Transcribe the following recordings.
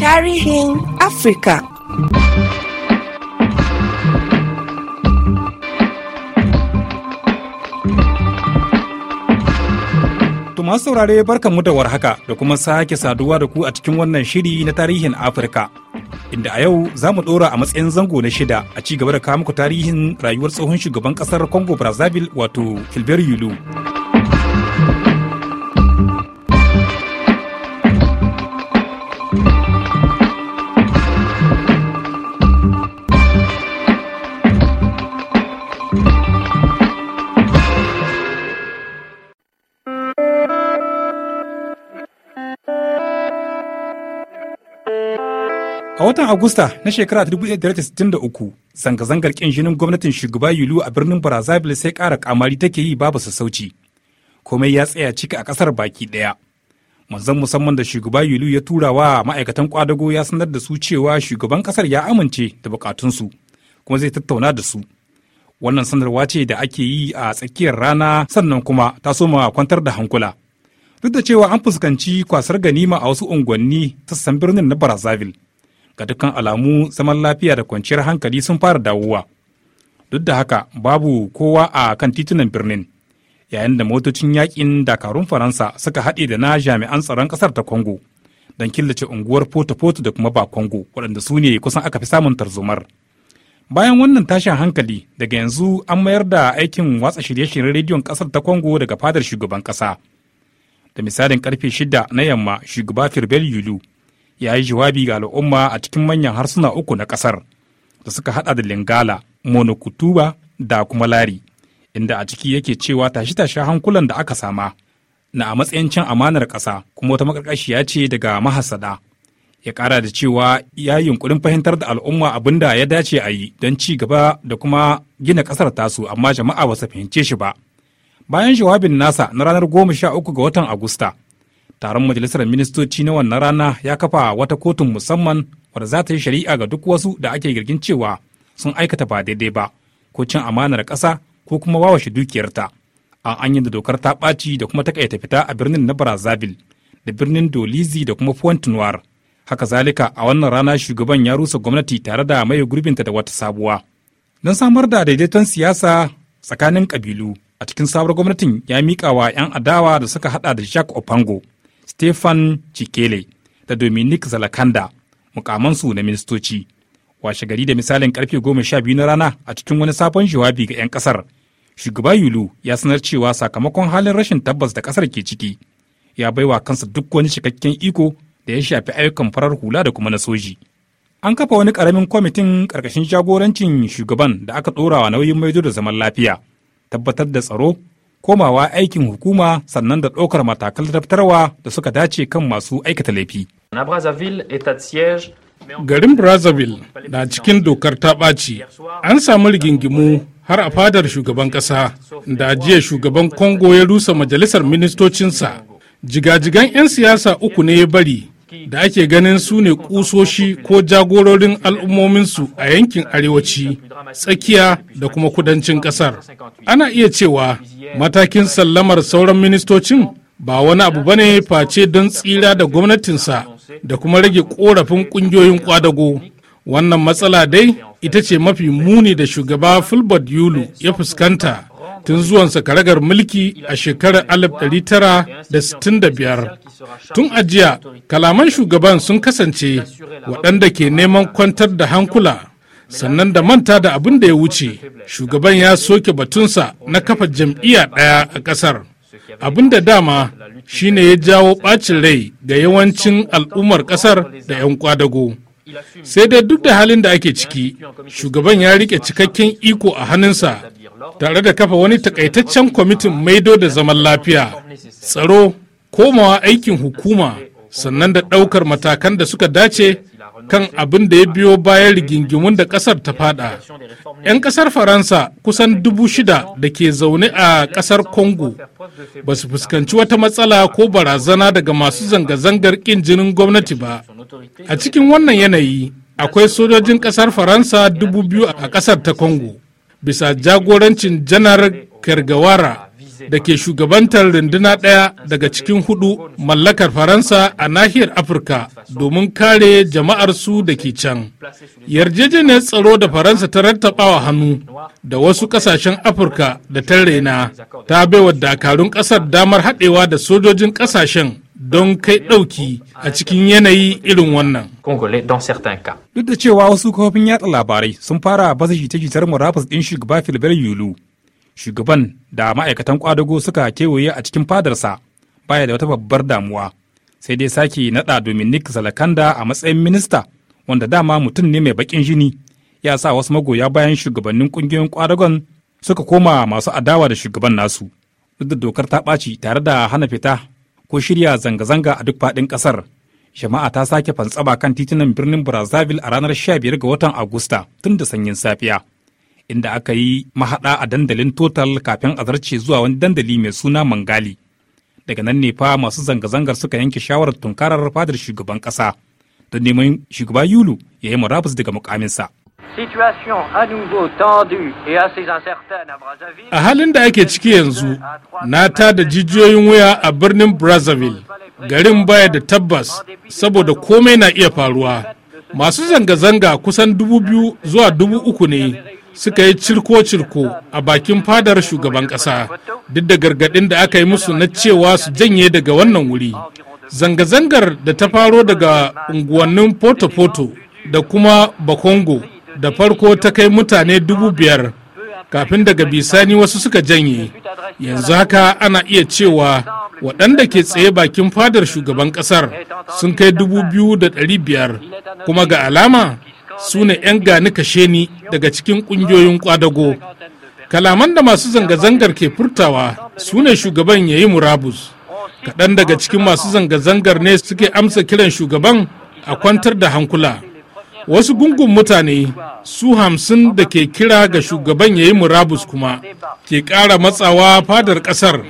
Tarihin Afrika. masu saurare barkanmu da warhaka da kuma sake saduwa da ku a cikin wannan shiri na tarihin Afirka. Inda a yau za mu ɗora a matsayin zango na shida a ci gaba da kawo muku tarihin rayuwar tsohon shugaban ƙasar Congo Brazzaville wato Filbert Yulu. A watan Agusta na shekara 1963, zanga-zangar ƙin jinin gwamnatin shugaba Yulu a birnin Brazzaville sai kara kamari take yi babu sassauci. Komai ya tsaya ciki a ƙasar baki ɗaya. Manzon musamman da shugaba Yulu ya tura wa ma'aikatan kwadago ya sanar da su cewa shugaban ƙasar ya amince da buƙatunsu, kuma zai tattauna da su. Wannan sanarwa ce da ake yi a tsakiyar rana sannan kuma ta soma kwantar da hankula. Duk da cewa an fuskanci kwasar ganima a wasu unguwanni sassan birnin na Brazzaville. ga dukkan alamu zaman lafiya da kwanciyar hankali sun fara dawowa duk da haka babu kowa a kan titunan birnin yayin da motocin yakin dakarun faransa suka haɗe da na jami'an tsaron ƙasar ta congo don killace unguwar fotofoto da kuma ba congo waɗanda su ne kusan aka fi samun tarzomar bayan wannan tashin hankali daga yanzu an mayar da aikin watsa shirye-shiryen rediyon ƙasar ta congo daga fadar shugaban ƙasa da misalin karfe shida na yamma shugaba firbel yulu ya yi jawabi ga al'umma a cikin manyan harsuna uku na ƙasar da suka hada da lingala monokutuba da kuma lari inda a ciki yake cewa tashi-tashi hankulan da aka sama na a matsayin cin amanar ƙasa kuma wata makarƙashiya ce daga mahasada ya ƙara da cewa ya yi yunkurin fahimtar da al'umma abin da ya dace a yi don ci gaba da kuma gina ƙasar tasu amma jama'a ba su fahimce shi ba bayan jawabin nasa na ranar goma sha uku ga watan agusta taron majalisar ministoci na wannan rana ya kafa wata kotun musamman wadda za ta yi shari'a ga duk wasu da ake girgin cewa sun aikata ba daidai ba ko cin amanar ƙasa ko kuma wawashe dukiyarta an an yi da dokar ta ɓaci da kuma takaita fita a birnin na brazzaville da birnin dolizi da kuma fontenwar haka zalika a wannan rana shugaban ya rusa gwamnati tare da maye gurbinta da wata sabuwa don samar da daidaiton siyasa tsakanin kabilu a cikin sabuwar gwamnatin ya miƙa 'yan adawa da suka hada da jacques opango stefan cikele da dominic zalakanda mukamansu na ministoci washe gari da misalin karfe goma sha biyu na rana a cikin wani sabon jawabi ga 'yan kasar shugaba yulu ya sanar cewa sakamakon halin rashin tabbas da kasar ke ciki ya baiwa kansa duk wani cikakken iko da ya shafi ayyukan farar hula da kuma na soji an kafa wani karamin kwamitin karkashin jagorancin shugaban da aka ɗorawa nauyin maido da zaman lafiya tabbatar da tsaro komawa aikin hukuma sannan da ɗaukar matakan daftarwa da suka dace kan masu aikata laifi. Garin Brazzaville na cikin dokar ta ɓaci, an samu rigingimu har a fadar shugaban ƙasa da jiya shugaban Congo ya rusa majalisar ministocinsa. Jigajigan 'yan siyasa uku ne ya bari da ake ganin su ne kusoshi ko jagororin al'ummominsu a yankin arewaci tsakiya da kuma kudancin kasar ana iya cewa matakin sallamar sauran ministocin ba wani abu bane face don tsira da gwamnatinsa da kuma rage korafin kungiyoyin kwadago wannan matsala dai ita ce mafi muni da shugaba fulbert yulu ya fuskanta tun zuwansa karagar mulki a shekarar alif ɗari tara da da biyar. tun ajiya kalaman shugaban sun kasance waɗanda ke neman kwantar da hankula sannan da manta da abin da ya wuce shugaban ya soke batunsa na kafa jam'iyya ɗaya a ƙasar abin da dama shine ya jawo ɓacin rai ga yawancin al'ummar ƙasar da 'yan kwadago. sai dai duk da halin da ake ciki shugaban ya rike cikakken iko a hannunsa tare da kafa wani takaitaccen kwamitin maido da zaman lafiya tsaro komawa aikin hukuma sannan da ɗaukar matakan da suka dace kan abin da ya biyo bayan rigingimun da ƙasar ta fada 'yan kasar faransa kusan dubu shida da ke zaune a kasar congo ba su fuskanci wata matsala ko barazana daga masu zanga-zangar ƙin jinin gwamnati ba a cikin wannan yanayi akwai sojojin kasar faransa dubu biyu a kasar ta congo bisa jagorancin janar kergawara da ke shugabantar runduna ɗaya daga cikin hudu mallakar faransa a nahiyar afirka domin kare jama'ar su da ke can yarjejeniyar tsaro da faransa ta rattabawa hannu da wasu kasashen afirka da ta raina ta baiwa dakarun kasar damar haɗewa da sojojin kasashen don kai ɗauki a cikin yanayi irin wannan. Duk da cewa wasu kafofin yatsa labarai sun fara baza jita-jitar murabus ɗin shugaba Filibert Yulu, shugaban da ma'aikatan kwadago suka kewaye a cikin fadarsa baya da wata babbar damuwa, sai dai sake naɗa Dominic Salakanda a matsayin minista wanda dama mutum ne mai baƙin jini ya sa wasu magoya bayan shugabannin ƙungiyoyin kwadagon suka koma masu adawa da shugaban nasu. Duk da dokar ta ɓaci tare da hana fita ko shirya zanga-zanga a duk faɗin ƙasar. Jama'a ta sake fantsaba kan titunan birnin Brazzaville a ranar 15 ga watan Agusta tun da sanyin safiya, inda aka yi mahaɗa a dandalin Total kafin a zarce zuwa wani dandali mai suna Mangali. Daga nan ne fa masu zanga-zangar suka yanke shawarar tunkarar fadar shugaban ƙasa don neman shugaba Yulu ya yi murabus daga mukaminsa. Situation à A halin da ake ciki yanzu, na ta da jijiyoyin wuya a birnin Brazzaville. Garin baya da tabbas saboda komai na iya faruwa. Masu zanga-zanga kusan dubu biyu zuwa dubu uku ne suka yi cirko-cirko a bakin fadar shugaban ƙasa duk da gargaɗin da aka yi musu na cewa su janye daga wannan wuri. Zanga-zangar da ta faro daga unguwannin Porto-Porto da kuma Bakongo da farko ta kai mutane dubu biyar kafin daga bisani wasu suka janye yanzu haka ana iya cewa waɗanda ke tsaye bakin fadar shugaban ƙasar sun kai dubu biyu da ɗari biyar kuma ga alama su ne 'yan gani kashe ni daga cikin ƙungiyoyin ƙwadago kalaman da masu zanga-zangar ke furtawa su ne shugaban ya yi murabus kaɗan daga cikin masu zanga-zangar ne suke amsa kiran shugaban a kwantar da hankula wasu gungun mutane su hamsin da ke kira ga shugaban ya yi murabus kuma ke ƙara matsawa fadar ƙasar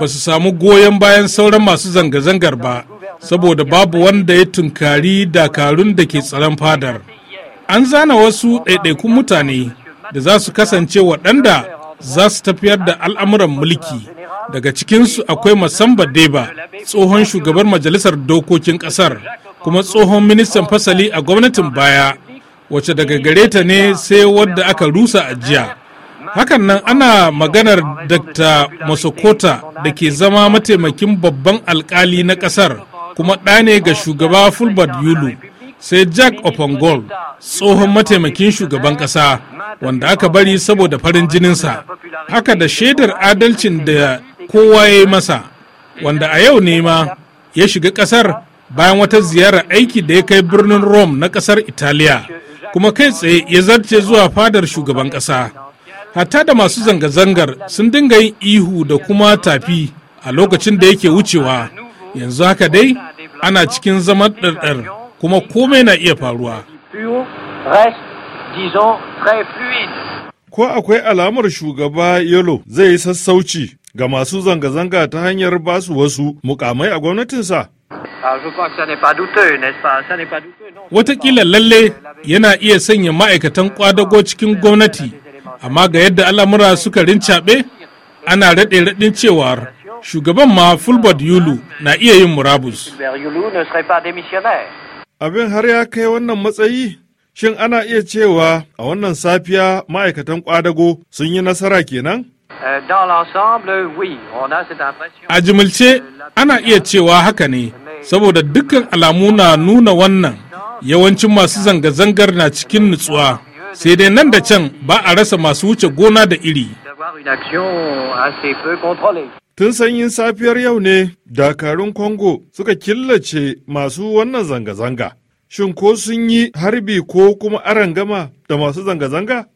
ba su samu goyon bayan sauran masu zanga-zangar ba saboda babu wanda ya tunkari dakarun da ke tsaron fadar an zana wasu ɗaiɗaikun mutane da za su kasance waɗanda za su tafiyar da al'amuran mulki daga cikinsu akwai masamba deba tsohon shugaban majalisar dokokin ƙasar kuma tsohon ministan fasali a gwamnatin baya wacce daga gare ta ne sai wadda aka rusa a jiya hakan nan ana maganar dr masokota da ke zama mataimakin babban alkali na kasar kuma ɗa ne ga shugaba fulbert yulu sai jack opengol tsohon mataimakin shugaban ƙasa wanda aka bari saboda farin jininsa haka da shaidar adalcin da kowa ya yi masa wanda a yau ne ma ya shiga ƙasar bayan wata ziyarar aiki da ya kai birnin rome na kasar italiya kuma kai tsaye ya zarce zuwa fadar shugaban kasa hatta da masu zanga-zangar sun dinga yin ihu da kuma tafi a lokacin da yake wucewa yanzu haka dai ana cikin zaman ɗarɗar kuma komai na iya faruwa ko akwai alamar shugaba yalo zai yi sassauci ga masu zanga-zanga ta hanyar basu wasu mukamai a gwamnatinsa Ah, Wataƙila lalle yana iya sanya ma'aikatan ƙwadago cikin gwamnati, amma ga yadda al'amura suka rincaɓe, ana raɗe raɗin cewar shugaban ma Fulbert Yulu na iya yin murabus. Abin har ya kai wannan matsayi? Shin ana iya cewa a wannan safiya ma'aikatan ƙwadago sun yi nasara kenan? Euh, a jimilce ana iya cewa haka ne. saboda dukkan alamu na nuna wannan yawancin masu zanga-zangar na cikin nutsuwa sai dai nan da can ba a rasa masu wuce gona da iri tun sanyin safiyar yau ne dakarun congo suka killace masu wannan zanga-zanga shin ko sun yi harbi ko kuma arangama da masu zanga-zanga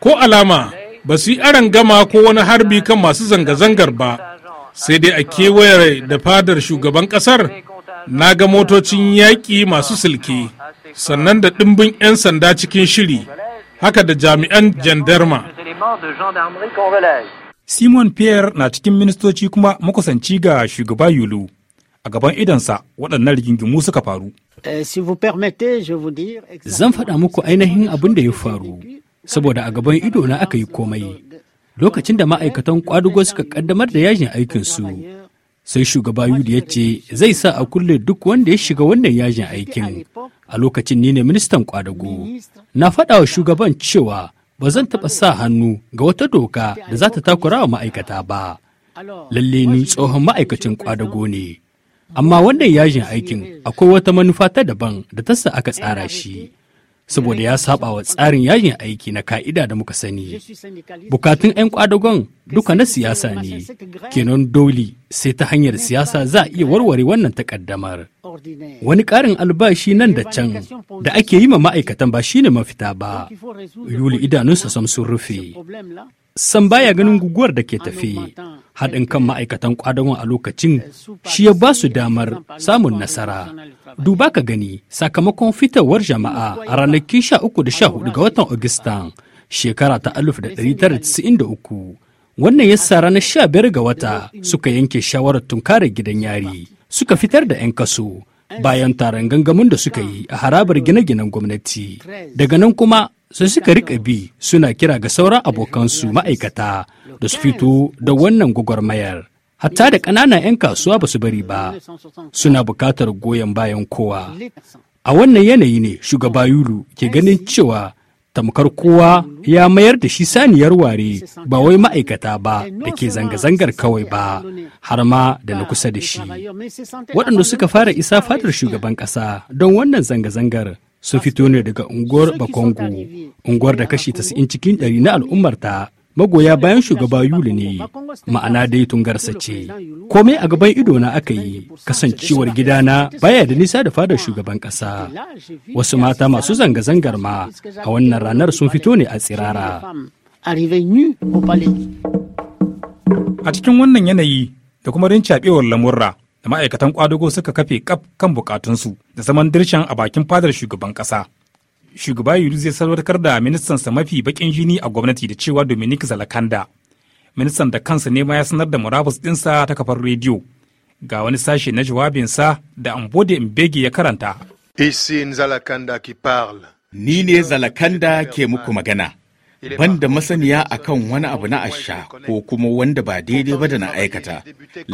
ko alama ba su yi gama ko wani harbi kan masu zanga-zangar ba sai dai a kewayar da fadar shugaban kasar na ga motocin yaƙi masu silke sannan da ɗimbin 'yan sanda cikin shiri haka da jami'an jandarma simon pierre na cikin ministoci kuma makusanci ga shugaba yulu a gaban idansa waɗannan rigingimu suka faru eh, zan faɗa muku ainihin abin da ya faru saboda a gaban idona aka yi komai lokacin da ma'aikatan kwadugo suka kaddamar da yajin aikinsu sai shugaba yudu ya ce zai sa a kulle duk wanda ya shiga wannan yajin aikin a lokacin ni ne ministan kwadago na faɗa wa shugaban cewa ba zan taɓa sa hannu ga wata doka da za ta takura wa ma'aikata ba lalle ni tsohon ma'aikacin kwadago ne amma wannan yajin aikin akwai wata manufa ta daban da tasa aka tsara shi saboda ya saba wa tsarin yajin aiki na ka'ida da muka sani. Bukatun 'yan kwadagon duka na siyasa ne, kenan doli sai ta hanyar siyasa za a iya warware wannan takaddamar. Wani ƙarin albashi nan da can da ake yi ma ma'aikatan ba shi ne mafita ba, yuli idanunsa sam sun rufe. Sam baya ganin guguwar da ke tafi. haɗin kan ma'aikatan kwadagon a lokacin shi ya ba su damar samun nasara. Duba ka gani sakamakon fitowar jama'a a ranaki 13 da 14 ga watan Agusta, shekara ta 1993. Wannan ya sa ranar biyar ga wata suka yanke shawarar tunkara gidan yari suka fitar da 'yan kaso bayan taron gangamin da suka yi a harabar gine-ginen gwamnati. Daga nan kuma sai suka rika bi suna kira ga sauran abokansu ma'aikata da su fito da wannan gwagwarmayar. Hatta da ƙananan 'yan kasuwa ba su bari ba, suna bukatar goyon bayan kowa. A wannan yanayi ne shugaba Yulu ke ganin cewa tamkar kowa ya mayar da shi saniyar ware ba wai ma'aikata ba da ke zanga-zangar kawai ba har ma da na kusa da shi waɗanda suka fara isa fadar shugaban ƙasa don wannan zanga-zangar sun fito ne daga unguwar bakongo unguwar da kashi 90 cikin 100 na al'ummarta magoya bayan shugaba yuli ne ma'ana dai tungarsa ce komai a gaban idona aka yi kasancewar gidana baya da nisa da fadar shugaban kasa wasu mata masu zanga-zangar ma a wannan ranar sun fito ne a tsirara a cikin wannan yanayi da kuma caɓewar lamurra da ma'aikatan kwadago suka kafe kaf kan bukatunsu da zaman dirshan a bakin fadar shugaban kasa shugaba yulu zai salwatar da ministansa mafi bakin jini a gwamnati da cewa dominic zalakanda ministan da kansa ne ma ya sanar da murabus dinsa ta kafar rediyo ga wani sashe na jawabinsa da ambode mbege ya karanta Ni ne Zalakanda ke muku magana. banda masaniya akan wani abu na asha ko kuma wanda ba daidai ba da na aikata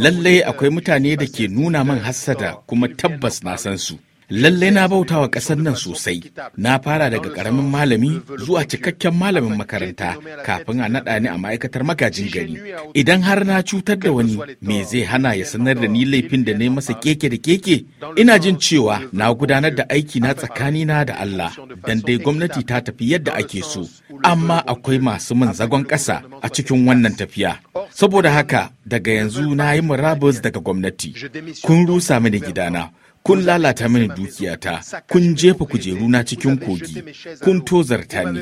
lallai akwai mutane da ke nuna man hassada kuma tabbas na san su lallai na bauta wa ƙasar nan sosai na fara daga ƙaramin malami zuwa cikakken malamin makaranta kafin a naɗa ni a ma'aikatar magajin gari idan har na cutar da wani me zai hana ya sanar da ni laifin da ne masa keke da keke ina jin cewa na gudanar da aiki na tsakanina da Allah dan dai gwamnati ta tafi yadda ake so amma akwai masu min zagon ƙasa a cikin wannan tafiya saboda haka daga yanzu na yi murabus daga gwamnati kun rusa mini gidana kun lalata mini dukiyata kun jefa kujeruna cikin kogi kun tozarta ni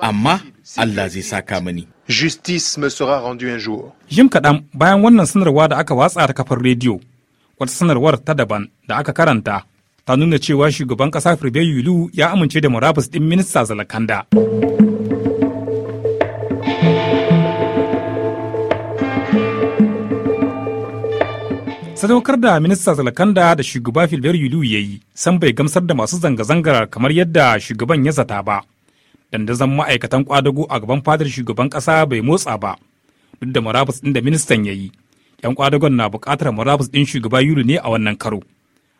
amma Allah zai saka mani justice me sera rendu un jour jim kaɗan bayan wannan sanarwa da aka watsa ta kafar rediyo wata sanarwar ta daban da aka karanta ta nuna cewa shugaban ƙasa Firbe Yulu ya amince da murabus ɗin minista Zalakanda. sadaukar da minista zalakanda da shugaba filbert yulu ya yi san bai gamsar da masu zanga-zangar kamar yadda shugaban ya zata ba dandazon ma'aikatan kwadago a gaban fadar shugaban kasa bai motsa ba duk da murabus ɗin da ministan ya yi yan kwadagon na buƙatar murabus ɗin shugaba yulu ne a wannan karo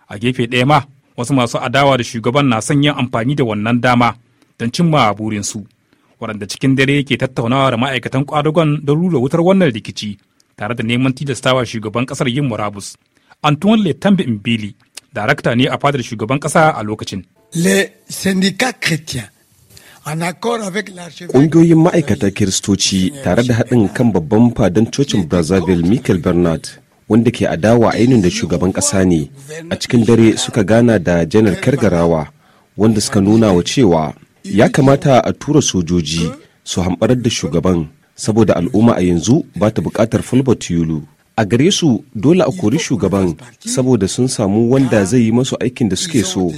a gefe ɗaya ma wasu masu adawa da shugaban na son yin amfani da wannan dama don cimma burinsu waɗanda cikin dare ke tattaunawa da ma'aikatan kwadagon don rura wutar wannan rikici tare da neman tilastawa shugaban kasar yin murabus antoine letambe mbili darakta ne a fadar shugaban kasa a lokacin le syndicat chrétien Ƙungiyoyin ma'aikata Kiristoci tare da haɗin kan babban fadan cocin Brazzaville Michael Bernard wanda ke adawa ainihin da shugaban ƙasa ne a cikin dare suka gana da janar kargarawa wanda suka nuna wa cewa ya kamata a tura sojoji su hamɓarar da shugaban saboda al'umma a yanzu ba ta buƙatar Fulbert Yulu. A gare su dole a kori shugaban saboda sun samu wanda zai yi masu aikin da suke so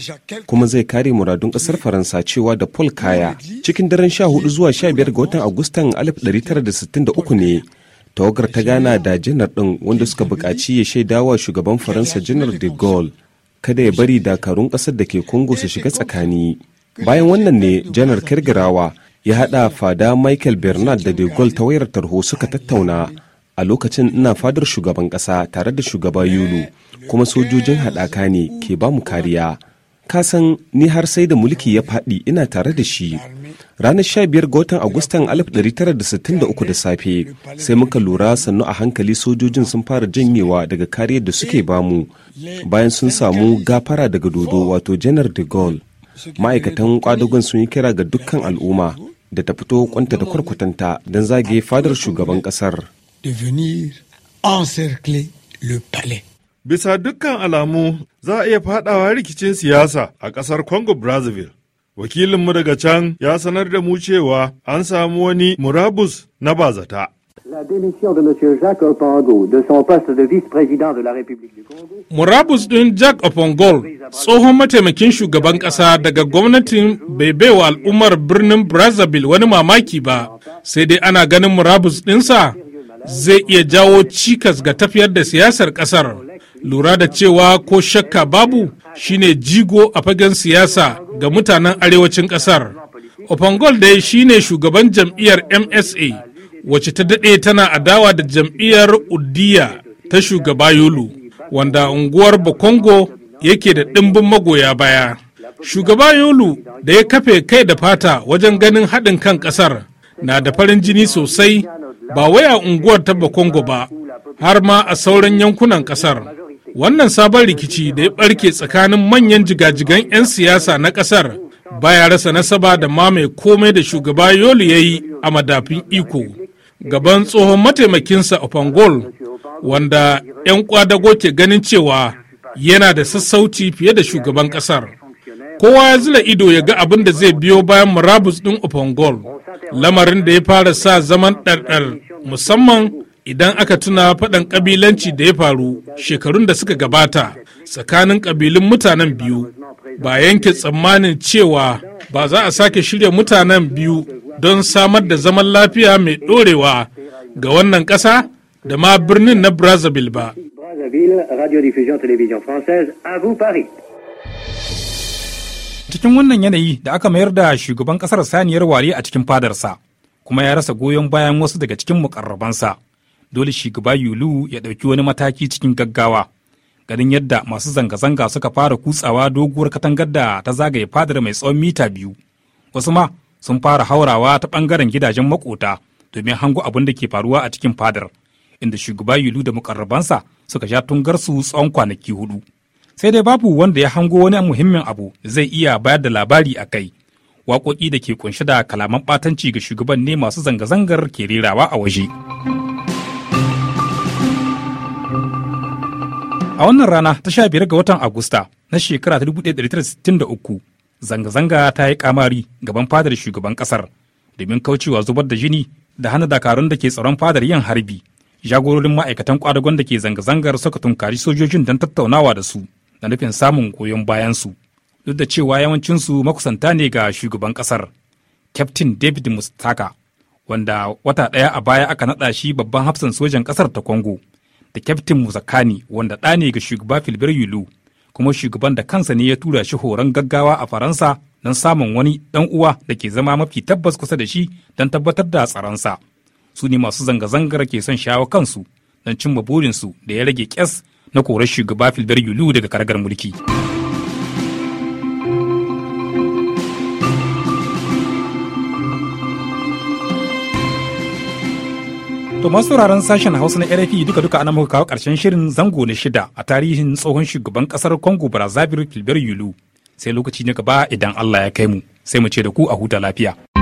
kuma zai kare muradun kasar Faransa cewa da Paul Kaya. Cikin daren 14 zuwa 15 ga watan Agustan 1963 ne tawagar ta gana da janar din wanda suka bukaci ya shaidawa shugaban Faransa janar de Gaulle kada ya bari dakarun ƙasar da ke kongo su shiga tsakani. Bayan wannan ne janar Kirgirawa ya haɗa fada michael bernard da de gaulle ta wayar tarho suka tattauna a lokacin ina fadar shugaban ƙasa tare da shugaba yulu kuma sojojin haɗaka ne ke ba mu kariya kasan ni har sai da mulki ya faɗi ina tare da shi ranar 15 ga watan agustan 1963 da safe sai muka lura sannu a hankali sojojin sun fara janyewa daga kariyar da suke bamu bayan sun samu gafara daga dodo wato janar de gaulle ma'aikatan kwadagon sun yi kira ga dukkan al'umma da ta fito kwanta da kwarkwatanta don zage fadar shugaban kasar. Bisa dukkan alamu za a iya fadawa rikicin siyasa a kasar Congo Brazzaville. Wakilinmu daga can ya sanar da mu cewa an samu wani murabus na bazata. La démission de M. Jacques son poste de vice-président de la Murabus ɗin Jack Opongol, tsohon mataimakin shugaban ƙasa daga gwamnatin bai bai wa al'ummar birnin Brazzaville wani mamaki ba, sai dai ana ganin murabus ɗinsa zai iya jawo cikas ga tafiyar da siyasar ƙasar. Lura da cewa ko shakka babu shine jigo a fagen siyasa ga mutanen arewacin ƙasar. Opongol dai shine shugaban jam'iyyar MSA. wacce ta daɗe tana adawa da jam'iyyar uddiya ta shugaba yolu wanda unguwar bakongo yake da ɗimbin magoya baya shugaba yolu da ya kafe kai da fata wajen ganin haɗin kan ƙasar na da farin jini sosai ba waya unguwar ta bakongo ba har ma a sauran yankunan ƙasar wannan sabon rikici da ya ɓarke tsakanin manyan jigajigan 'yan siyasa na ƙasar baya rasa nasaba da mamaye komai da shugaba yolu ya yi a madafin iko gaban tsohon mataimakinsa Opangol wanda 'yan kwadago ke ganin cewa yana da sassauci fiye da shugaban kasar. Kowa ya zila ido ya ga abin da zai biyo bayan murabus ɗin Opangol, lamarin da ya fara sa zaman ɗarɗar musamman idan aka tuna faɗan ƙabilanci da ya faru shekarun da suka gabata tsakanin ƙabilun mutanen biyu ba yanke tsammanin cewa ba za a sake shirya mutanen biyu don samar da zaman lafiya mai ɗorewa ga wannan ƙasa da ma birnin na Brazzaville ba. Cikin wannan yanayi da aka mayar da shugaban ƙasar saniyar ware a cikin fadarsa, kuma ya rasa goyon bayan wasu daga cikin mukarrabansa. Dole shugaba Yulu ya ɗauki wani mataki cikin gaggawa. ganin yadda masu zanga-zanga suka fara kutsawa doguwar katangar da ta zagaye fadar mai tsawon mita biyu wasu ma sun fara haurawa ta bangaren gidajen makota domin hango abin da ke faruwa a cikin fadar inda shugaba yulu da mukarrabansa suka sha tungarsu tsawon kwanaki hudu sai dai babu wanda ya hango wani muhimmin abu zai iya bayar da labari a kai waƙoƙi da ke kunshe da kalaman ɓatanci ga shugaban ne masu zanga-zangar ke rerawa a waje a wannan rana ta sha biyar ga watan agusta na shekara 1963 zanga-zanga ta yi kamari gaban fadar shugaban kasar domin kaucewa zubar da jini da hana dakarun da ke tsaron fadar yin harbi jagororin ma'aikatan kwadagon da ke zanga-zangar suka tunkari sojojin don tattaunawa da su da nufin samun goyon bayansu duk da cewa yawancinsu makusanta ne ga shugaban kasar kyaftin david mustaka wanda wata ɗaya a baya aka naɗa shi babban hafsan sojan kasar ta congo da kyaftin musakani wanda ɗa ne ga shugaba filibir yulu kuma shugaban da kansa ne ya tura shi horon gaggawa a faransa don samun wani dan uwa da ke zama mafi tabbas kusa da shi don tabbatar da tsaronsa su ne masu zanga-zangar ke son shawo kansu don cimma burinsu da ya rage kyas na korar shugaba filbar yulu daga kargar mulki. To masu sauraron sashen Hausa na RFI duka duka ana muka kawo karshen shirin zango na shida a tarihin tsohon shugaban kasar Congo Brazzaville Gilbert Yulu. Sai lokaci na gaba idan Allah ya kai mu sai mu ce da ku a huta lafiya.